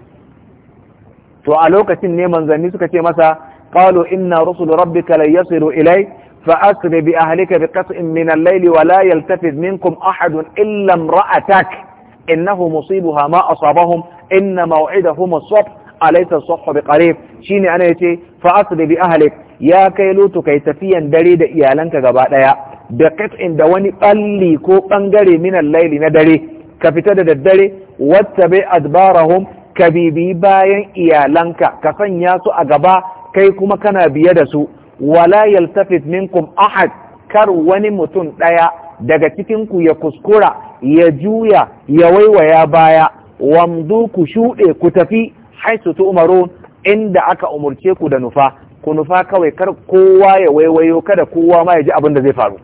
to a lokacin ne manzanni suka ce masa qalu inna rusul rabbika la yasilu ilai fa asri bi ahlika bi qat'in min al-layli wa la yaltafid minkum ahadun illa imra'atak innahu musibuha ma asabahum inna maw'idahum as-subh alaysa as-subh biqarib shine ana yace fa asri bi ahlik ya kai lutu kai tafiyan dare da iyalanka gaba daya da qit'in da wani balli ko bangare min laili na dare ka fita da daddare wattabi adbarahum ka bibi bayan iyalanka ka sanya su a gaba kai kuma kana biye da su wala yaltafit kum ahad kar wani mutum daya daga cikinku ya kuskura ya juya ya waiwaya baya wamdu ku shuɗe ku tafi haisu umaru, inda aka umurce ku da nufa ku nufa kawai kar kowa ya waiwayo kada kowa ma ya ji abin da zai faru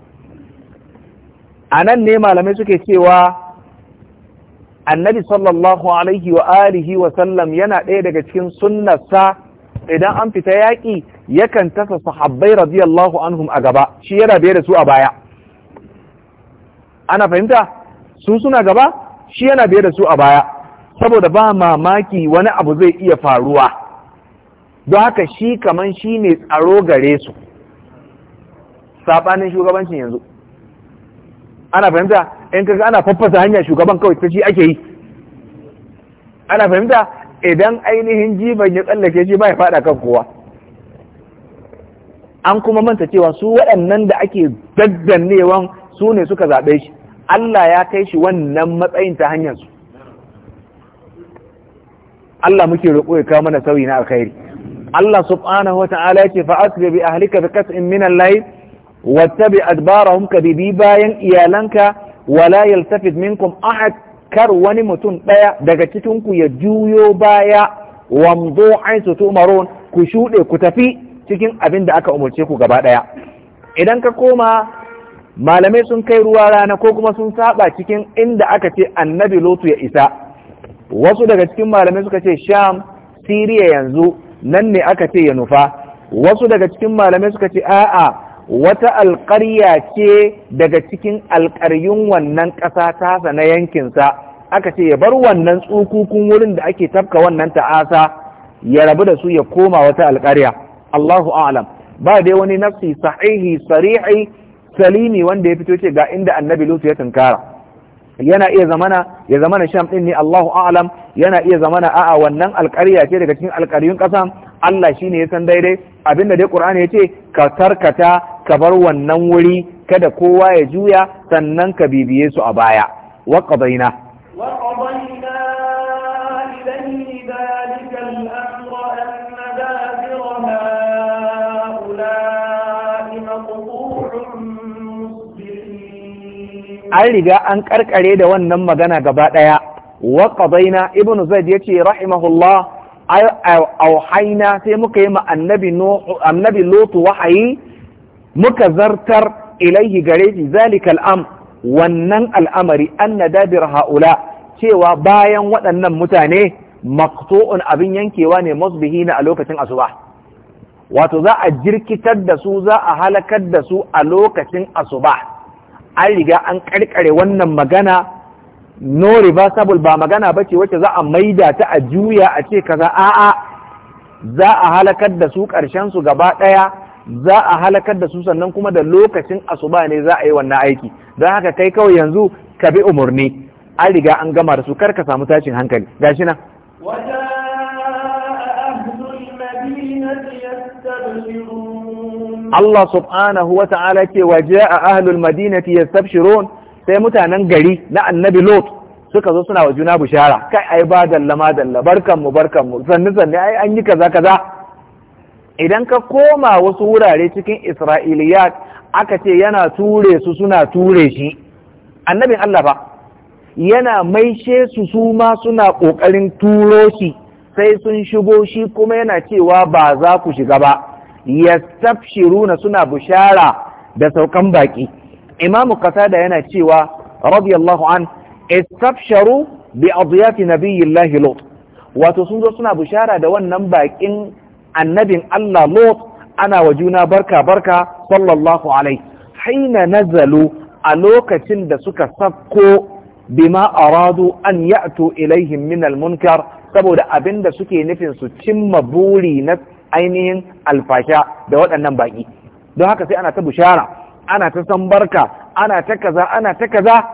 a nan ne malamai suke cewa annabi sallallahu alaihi wa alihi wa sallam yana ɗaya daga cikin sunnarsa idan an fita yaƙi yakan tasa sahabbai radiyallahu anhum a gaba shi yana biye da su a baya ana fahimta su suna gaba shi yana biye da su a baya saboda ba mamaki wani abu zai iya faruwa don haka shi kaman shi ne tsaro gare su saɓanin shugabancin yanzu ana fahimta in kaga ana faffasa hanya shugaban kawai ta shi ake yi ana fahimta idan ainihin jiban ya tsallake shi ba ya faɗa kan kowa an kuma manta cewa su waɗannan da ake daddannewan su ne suka zaɓe shi Allah ya kai shi wannan matsayin ta hanyar su Allah muke roƙo ya kawo mana sauyi na alkhairi Allah subhanahu wata'ala ya ce fa ahli bi ahlika bi qat'in min al-layl wattabi adbarahum ka bibi bayan iyalanka wala yaltafit minkum ahad kar wani mutum ɗaya daga cikin ku ya juyo baya wamdo aisu tumarun ku shuɗe ku tafi cikin abin da aka umarce ku gaba ɗaya idan ka koma malamai sun kai ruwa rana ko kuma sun saba cikin inda aka ce annabi lotu ya isa wasu daga cikin malamai suka ce sham siriya yanzu nan ne aka ce ya nufa wasu daga cikin malamai suka ce a'a wata alƙarya ce daga cikin alƙaryun wannan ƙasa tasa na yankinsa aka ce ya bar wannan tsukukun wurin da ake tafka wannan ta'asa ya rabu da su ya koma wata alƙarya Allahu a'lam ba dai wani nafsi sahihi sarihi salimi wanda ya fito ce ga inda annabi lutu ya tunkara yana iya zamana ya zamana sham din ne Allahu a'lam yana iya zamana a'a wannan alƙarya ce daga cikin alƙaryun ƙasa Allah shine ya san daidai abinda dai Qur'ani yace ka tarkata ka bar wannan wuri kada kowa ya juya sannan ka bibiye su a baya wa qadaina wa an riga an karkare da wannan magana gaba ɗaya wa qadaina ibnu zaid yace rahimahullah auhaina sai muka yi ma annabi nuhu annabi lutu wahayi muka zartar ilaihi gare shi zalika al'am wannan al'amari anna dabir haula cewa bayan waɗannan mutane maqtu'un abin yankewa ne musbihina a lokacin asuba wato za a jirkitar da su za a halakar da su a lokacin asuba an riga an karkare wannan magana no reversible ba magana ba ce, wacce za a maida ta a juya a ce kaza a'a za a halakar da su karshen su gaba ɗaya, za a halakar da su sannan kuma da lokacin asuba ne za a yi wannan aiki don haka kai kawai yanzu ka bi umarni an riga an gama da su kar ka samu tashin hankali gashi nan Allah subhanahu wa ta'ala ke waje a ahlul madinati yastabshirun sai mutanen gari na annabi lot suka zo suna wa juna bishara kai ai ba dalla ma dalla barkan mu barkan mu sanni sanni ai an yi kaza kaza idan ka koma wasu wurare cikin isra'iliyat aka ce yana ture su suna ture shi annabin Allah ba yana maishe su su ma suna ƙoƙarin turo shi sai sun shigo shi kuma yana cewa ba za ku shiga ba yastabshiruna suna bushara da saukan baki imamu qatada yana cewa radiyallahu an istabsharu bi adiyati nabiyillahi lut wato sun zo suna bushara da wannan bakin annabin Allah lut ana wa juna barka barka sallallahu alaihi haina nazalu a lokacin da suka sakko bima aradu an ya'tu ilaihim min almunkar saboda abinda suke nufin su cimma buri na ainihin alfasha da waɗannan baƙi don haka sai ana ta bushara ana ta barka, ana ta kaza ana ta kaza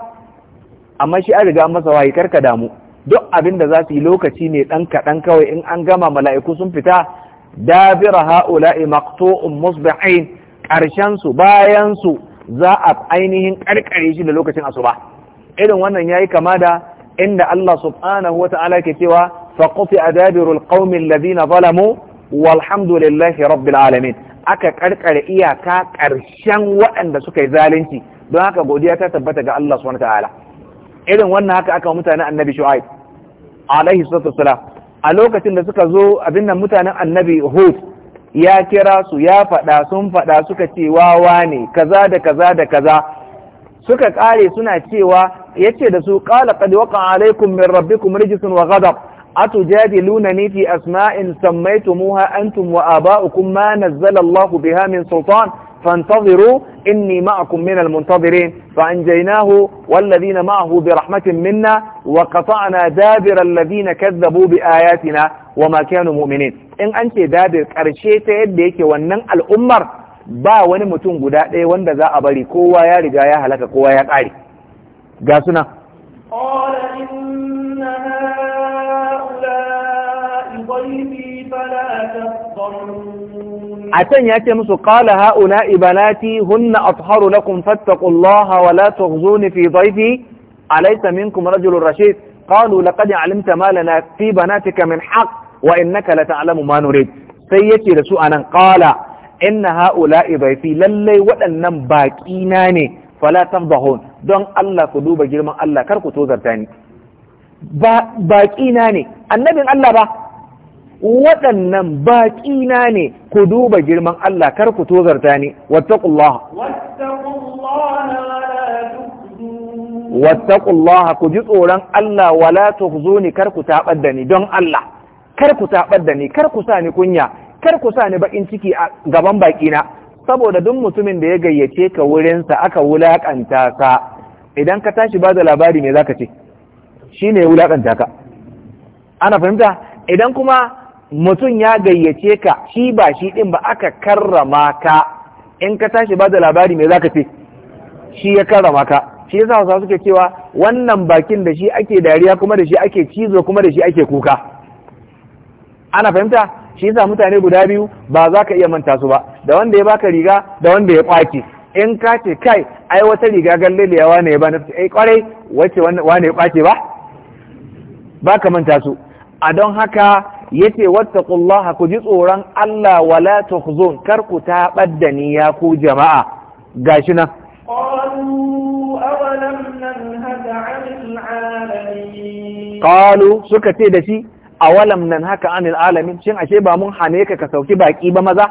amma shi an riga masa wayi karka damu duk abin da za su yi lokaci ne ɗan kaɗan kawai in an gama mala'iku sun fita dabira ha'ula'i maqtu'un musbihin ƙarshen su bayan su za a ainihin ƙarƙare shi da lokacin asuba irin wannan yayi kama da inda Allah subhanahu wa ta'ala ke cewa faqti adabirul qaumil ladina zalamu walhamdulillahi rabbil alamin aka karkare iyaka karshen waɗanda suka yi zalunci don haka godiya ta tabbata ga Allah subhanahu ta'ala irin wannan haka aka mutanen annabi shu'aib alaihi salatu wassalam a lokacin da suka zo abin nan mutanen annabi hud ya kira su ya faɗa sun faɗa suka ce wawa ne kaza da kaza da kaza suka kare suna cewa yace da su qala qad waqa alaikum min rabbikum rijsun wa ghadab أتجادلونني في أسماء سميتموها أنتم وآباؤكم ما نزل الله بها من سلطان فانتظروا إني معكم من المنتظرين فأنجيناه والذين معه برحمة منا وقطعنا دابر الذين كذبوا بآياتنا وما كانوا مؤمنين إن أنت دابر كرشيت يديك ونن الأمر با wani mutum guda ɗaya wanda za a bari kowa ya riga ya halaka kowa ya ƙare ga suna a can ya ce musu qala ha'una ibanati hunna atharu lakum fattaqullaha wa la tukhzuni fi dhayfi alaysa minkum rajulun rashid qalu laqad alimta ma lana fi banatika min haqq wa innaka lata'lamu ma nurid sai yace da su anan qala inna haula dhayfi lallai waɗannan baƙina ne fala tafdahun don Allah ku duba girman Allah kar ku tozarta ni baƙina ne annabin Allah ba waɗannan baƙina ne ku duba girman Allah kar ku tozarta ni wattaqullaha wattaqullaha ku ji tsoron Allah wala ni kar ku taɓar da ni don Allah kar ku taɓar da ni kar ku sa ni kunya kar ku sa ni bakin ciki a gaban baƙina saboda duk mutumin da ya gayyace ka wurinsa aka wulaƙanta ka idan ka tashi ba da labari me zaka ce shine ya wulakanta ka ana fahimta idan kuma mutum ya gayyace ka shi ba shi ɗin ba aka karrama ka in ka tashi ba da labari me zaka ce shi ya karrama ka shi yasa wasu suke cewa wannan bakin da shi ake dariya kuma da shi ake cizo kuma da shi ake kuka ana fahimta shi yasa mutane guda biyu ba za ka iya manta su ba da wanda ya baka riga da wanda ya kwace in ka ce kai ai wata riga galle da yawa ne na ai kwarai wace wane ya kwace eh, ba ba ka manta su a don haka yace wattaqullaha ku ji tsoron Allah wala tukhzun kar ku taɓar da ni ya ku jama'a gashi nan qalu suka ce da shi awalam nan haka anil alamin shin ashe ba mun hane ka ka sauki baki ba maza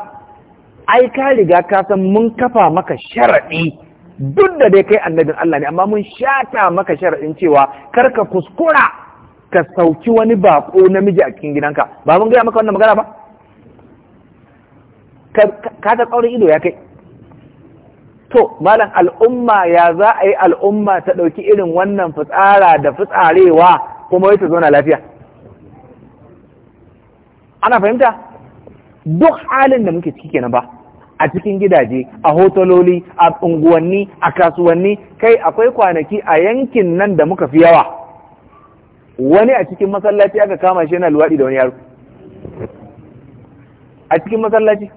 ai ka riga ka san mun kafa maka sharaɗi duk da dai kai annabin Allah ne amma mun shata maka sharaɗin cewa kar ka kuskura ka sauki wani bako namiji a cikin gidanka ba mun gaya maka wannan magana ba ka ta tsaurin ido ya kai to malam al'umma ya za a yi al'umma ta ɗauki irin wannan fitsara da fitsarewa kuma wai ta zauna lafiya ana fahimta duk halin da muke ciki kenan ba a cikin gidaje a hotololi a unguwanni a kasuwanni kai akwai kwanaki a yankin nan da muka fi yawa wani a cikin masallaci aka kama shi yana luwaɗi da wani yaro a cikin masallaci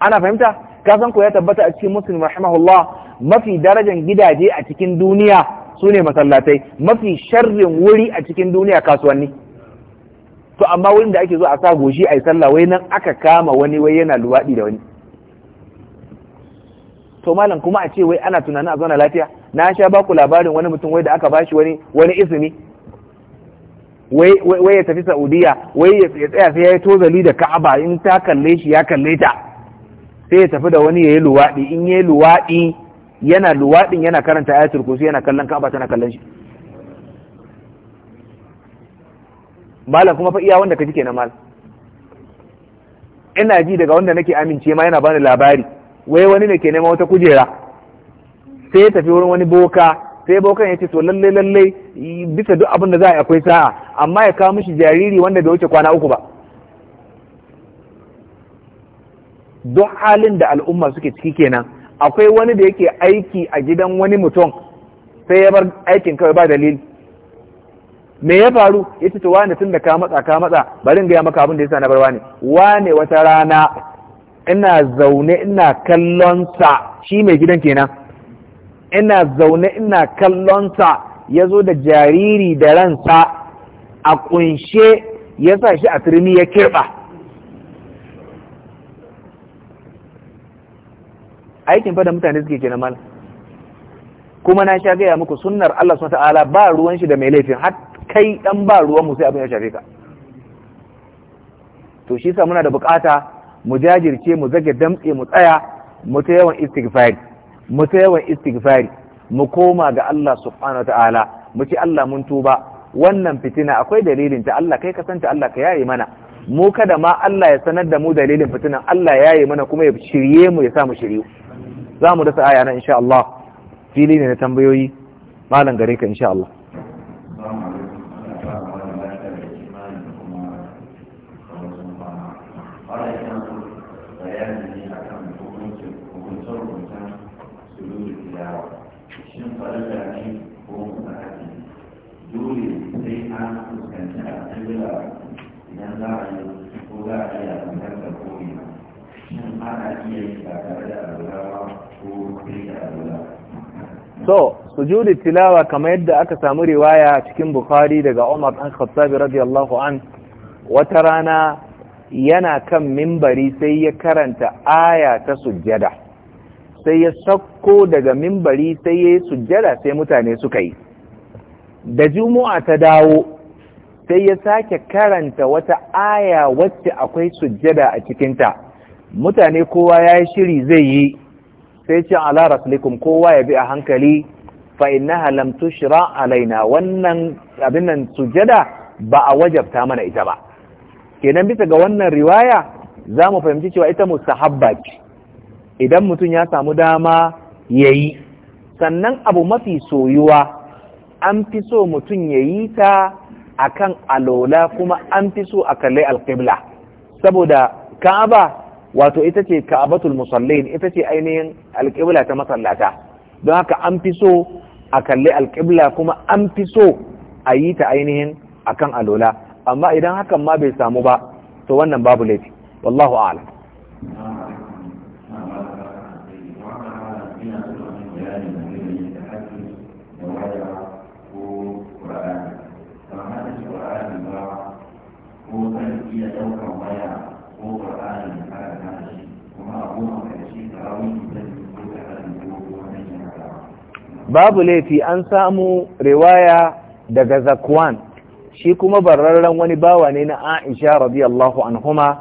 ana fahimta ka san ko ya tabbata a cikin musulmi rahimahullah mafi darajan gidaje a cikin duniya sune masallatai mafi sharrin wuri a cikin duniya kasuwanni to amma wurin da ake zo a sa goshi a yi sallah wai nan aka kama wani wai yana luwaɗi da wani to malam kuma a ce wai ana tunanin a zauna lafiya na sha ba ku labarin wani mutum wai da aka bashi wani wani izini wai ya tafi Saudiya wai ya tsaya sai ya yi tozali da Ka'aba in ta kalle shi ya kalle ta sai ya tafi da wani ya yi luwaɗi in ya yi luwaɗi yana luwaɗin yana karanta ayatul kursi yana kallon Ka'aba tana kallon shi malam kuma fa iya wanda ka ji kenan mal ina ji daga wanda nake amince ma yana bani labari wai wani ne ke neman wata kujera sai ya tafi wurin wani boka sai bokan ya ce to lalle lalle bisa duk abin da za a yi akwai sa'a amma ya kawo mishi jariri wanda bai wuce kwana uku ba duk halin da al'umma suke ciki kenan akwai wani da yake aiki a gidan wani mutum sai ya bar aikin kawai ba dalili me ya faru ya ce to wane tun da ka matsa ka matsa bari in gaya maka abin da yasa na bar wane wane wata rana ina zaune ina kallon sa shi mai gidan kenan ina zaune ina kallon sa ya zo da jariri da ransa a kunshe ya sa shi a turmi ya kirɓa aikin fada mutane suke kenan mal kuma na sha gaya muku sunnar Allah subhanahu ta'ala ba ruwan shi da mai laifin har kai ɗan ba ruwan mu sai abin ya shafe ka to shi sa muna da bukata mu jajirce mu zage damtse mu tsaya mu ta yawan istighfari mu ta yawan istighfari mu koma ga Allah subhanahu ta'ala mu ci Allah mun tuba wannan fitina akwai dalilin ta Allah kai kasance Allah ka yaye mana mu kada ma Allah ya sanar da mu dalilin fitinan Allah ya yaye mana kuma ya shirye mu ya sa mu shirye za mu dasa aya na insha Allah fili ne na tambayoyi malam gare ka insha Allah so sujudi tilawa kamar yadda aka samu riwaya cikin bukhari daga umar ɗan khattabi radiyallahu an wata rana yana kan mimbari sai ya karanta aya ta sujjada sai ya sakko daga mimbari sai ya yi sujjada sai mutane suka yi da jumu'a ta dawo sai ya sake karanta wata aya wacce akwai sujjada a cikinta mutane kowa ya yi shiri zai yi sai ce ala rasulikum kowa ya bi a hankali fa innaha lam tushra alaina wannan abin nan sujada ba a wajabta mana ita ba kenan bisa ga wannan riwaya za mu fahimci cewa ita mustahabba ce idan mutum ya samu dama ya yi sannan abu mafi soyuwa an fi so mutum ya yi ta a kan alola kuma an fi so a kalle alƙibla saboda ka'aba wato ita ce ka'abatul musallin ita ce ainihin alƙibla ta masallata don haka an fi so a kalli alƙibla kuma an fi so a yi ta ainihin akan alola amma idan hakan ma bai samu ba to wannan babu laifi wallahu a'lam babu laifi an samu riwaya daga zakwan shi kuma bararren wani bawa ne na aisha radiyallahu anhuma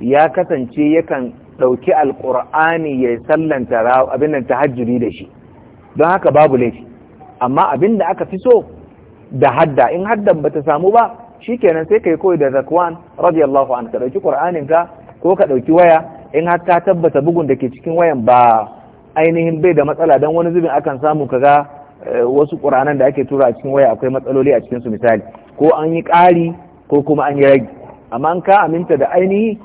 ya kasance yakan ɗauki alƙur'ani ya sallanta abin nan tahajjudi da shi don haka babu laifi amma abin da aka fi so da hadda in haddan bata samu ba shikenan sai kai koyi da zakwan radiyallahu anhu ka ɗauki ƙur'aninka ka ko ka ɗauki waya in har ka tabbata bugun da ke cikin wayan ba ainihin bai da matsala don wani zubin akan samu kaga eh, wasu ƙuranan da ake tura a cikin waya akwai matsaloli a cikinsu, misali ko an yi ƙari ko kuma an yi ragi amma an ka aminta da ainihi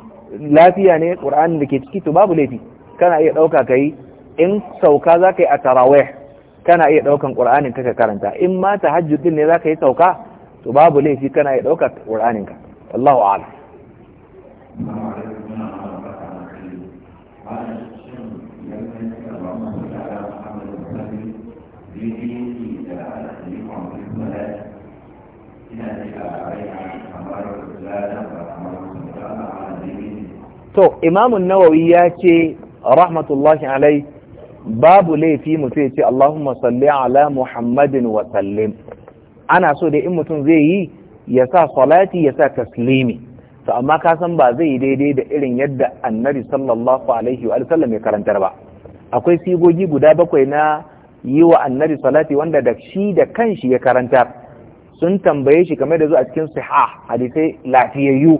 lafiya ne ƙuranin da ke ciki to babu laifi kana iya ɗauka ka yi in sauka za ka yi a tarawih kana iya ɗaukan ƙuranin ka karanta in ma din ne za ka yi sauka to babu laifi kana iya ɗauka ƙuranin ka Allahu a'ala. to imamun nawawi ya ce rahmatullahi alai babu laifi mutum ya ce Allahumma salli ala Muhammadin wa sallim ana so da in mutum zai yi ya sa salati ya sa taslimi to amma ka san ba zai daidai da irin yadda annabi sallallahu alaihi wa sallam ya karantar ba akwai sigogi guda bakwai na yi wa annabi salati wanda da shi da kanshi ya karantar sun tambaye shi kamar da zuwa cikin siha hadisai lafiyayyu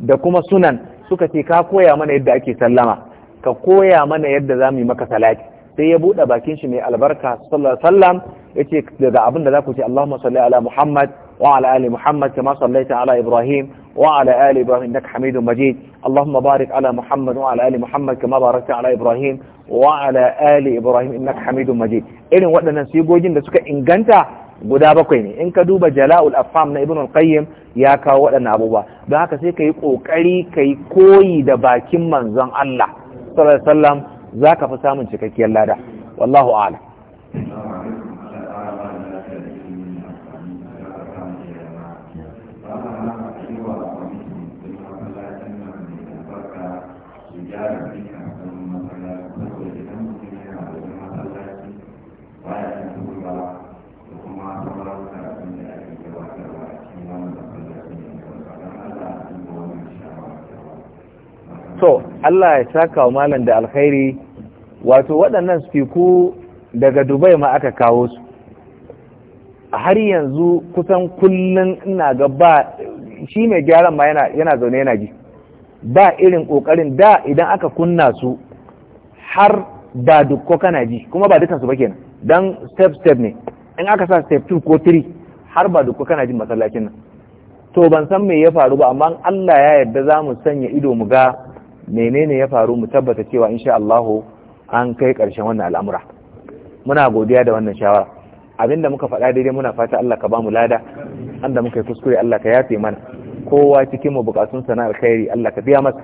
da kuma sunan suka ce ka koya mana yadda ake sallama ka koya mana yadda za mu yi maka salati sai ya buɗe bakin shi mai albarka sallallahu alaihi wasallam yace daga abin da za ku ce Allahumma salli ala Muhammad وعلى ala Ibrahim كما صليت على إبراهيم وعلى آل إبراهيم إنك حميد ala Muhammad بارك على محمد وعلى آل محمد ala Ibrahim على إبراهيم وعلى آل إبراهيم إنك حميد irin waɗannan وقتنا da suka inganta. guda bakwai ne in ka duba jala'ul afam na ibn al-qayyim ya kawo waɗannan abubuwa don haka sai ka yi ƙoƙari ka yi koyi da bakin manzon Allah sallallahu alaihi wasallam za ka fi samun cikakkiyar lada wallahu a'lam so Allah ya saka wa malam da alkhairi wato waɗannan spiku daga dubai ma aka kawo su har yanzu kusan kullum ina ga ba shi mai gyaran ma yana zaune yana ji ba irin ƙoƙarin da idan aka kunna su har ba dukko kana ji kuma ba dukansu ba kenan don step step ne in aka sa step 2 ko 3 har ba dukko kana jin masallacin nan to ban san me ya faru ba amma Allah ya yarda za mu sanya ido mu ga menene ya faru mu tabbata cewa insha Allah an kai ƙarshen wannan al'amura muna godiya da wannan shawara abinda muka faɗa daidai muna fata Allah ka bamu lada anda muka yi kuskure Allah ka yafe mana kowa cikin mu bukatun sana'ar khairi Allah ka biya masa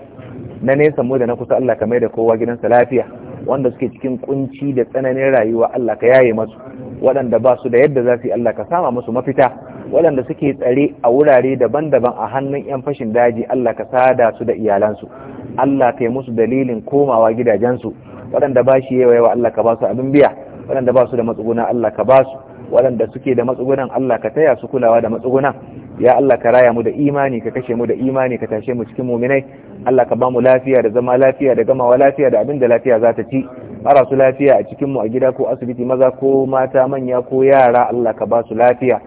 na nesa mu da na kusa Allah ka mai da kowa gidansa lafiya wanda suke cikin kunci da tsananin rayuwa Allah ka yaye masu waɗanda ba su da yadda za su yi Allah ka sama musu mafita waɗanda suke tsare a wurare daban-daban a hannun 'yan fashin daji Allah ka sada su da iyalansu Allah ka yi musu dalilin komawa gidajensu waɗanda ba shi yawa yawa Allah ka ba su abin biya waɗanda ba su da matsuguna Allah ka ba su waɗanda suke da matsugunan Allah ka taya su kulawa da matsugunan ya Allah ka raya mu da imani ka kashe mu da imani ka tashe mu cikin muminai Allah ka ba mu lafiya da zama lafiya da gamawa lafiya da abin da lafiya za ta ci marasu lafiya a cikinmu a gida ko asibiti maza ko mata manya ko yara Allah ka ba su lafiya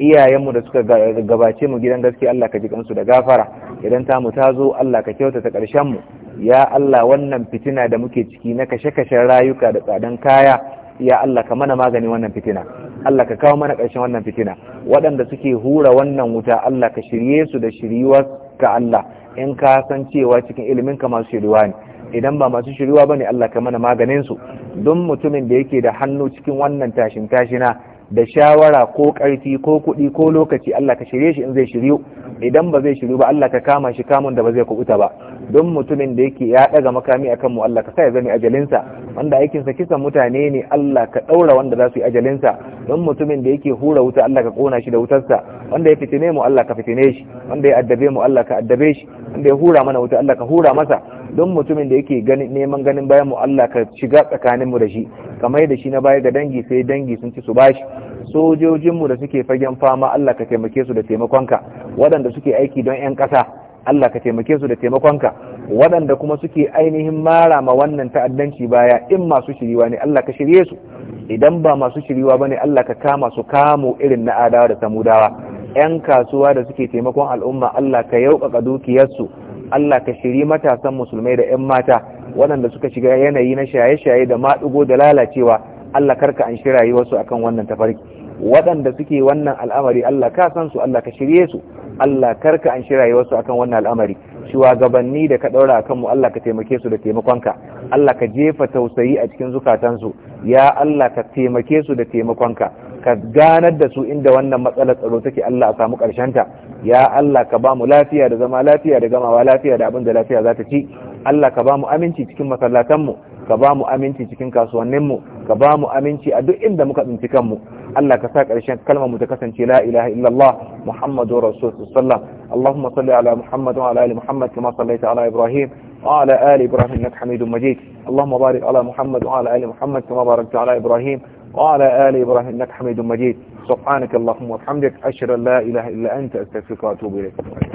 iyayenmu da suka gabace mu gidan gaske Allah ka ji kansu da gafara idan ta mu ta zo Allah ka kyautata karshen mu ya Allah wannan fitina da muke ciki na kashe-kashen rayuka da tsadan kaya ya Allah ka mana magani wannan fitina Allah ka kawo mana karshen wannan fitina waɗanda suke hura wannan wuta Allah ka shirye su da shiryuwar ka Allah in ka san cewa cikin ilimin ka masu shiriwa ne idan ba masu shiriwa ne Allah ka mana maganinsu. don mutumin da yake da hannu cikin wannan tashin tashina da shawara ko ƙarfi ko kuɗi ko lokaci Allah ka shirye shi in zai shiryu idan ba zai shiryu ba Allah ka kama shi kamun da ba zai kubuta ba don mutumin da yake ya daga makami akan mu Allah ka sa ya zame ajalinsa wanda aikinsa kisan mutane ne Allah ka daura wanda za su yi ajalinsa don mutumin da yake hura wuta Allah ka kona shi da wutarsa wanda ya fitine mu Allah ka fitine shi wanda ya addabe mu Allah ka addabe shi wanda ya hura mana wuta Allah ka hura masa don mutumin da yake neman ganin bayan mu Allah ka shiga tsakanin mu da shi kamar da shi na baya ga dangi sai dangi sun ci su bashi sojojinmu da suke fagen fama Allah ka taimake su da taimakonka waɗanda suke aiki don 'yan ƙasa Allah ka taimake su da taimakonka waɗanda kuma suke ainihin mara ma wannan ta'addanci baya in masu shiriwa ne Allah ka shirye su idan ba masu shiriwa bane Allah ka kama su kamo irin na adawa da samudawa yan kasuwa da suke taimakon al'umma Allah ka yauƙaƙa dukiyarsu Allah ka shiri matasan musulmai da 'yan mata waɗanda suka shiga yanayi na shaye-shaye da maɗugo da lalacewa Allah karka an shirayi rayuwarsu akan wannan tafarki waɗanda suke wannan al'amari Allah ka san su Allah ka shirye su Allah karka an shi rayuwarsu akan wannan al'amari shugabanni da ka daura akan mu Allah ka taimake su da taimakonka Allah ka jefa tausayi a cikin zukatansu ya Allah ka taimake su da taimakonka ka ganar da su inda wannan matsalar tsaro take Allah a samu ta ya Allah ka ba mu lafiya da zama lafiya da gamawa lafiya da abin da lafiya za ta ci Allah ka ba mu aminci cikin masallatanmu ka ba mu aminci cikin kasuwanninmu ka ba mu aminci a duk inda muka tsinci kanmu Allah ka sa ƙarshen kalmar mu ta kasance la ilaha illallah muhammadu rasulullah allahumma salli ala muhammad wa ala ali muhammad kama sallaita ala ibrahim wa ala ali ibrahim innaka hamidum majid allahumma barik ala muhammad wa ala ali muhammad kama barakta ala ibrahim wa ala ali ibrahim innaka hamidum majid subhanaka allahumma wa bihamdik ashhadu an la ilaha illa anta astaghfiruka wa atubu ilayk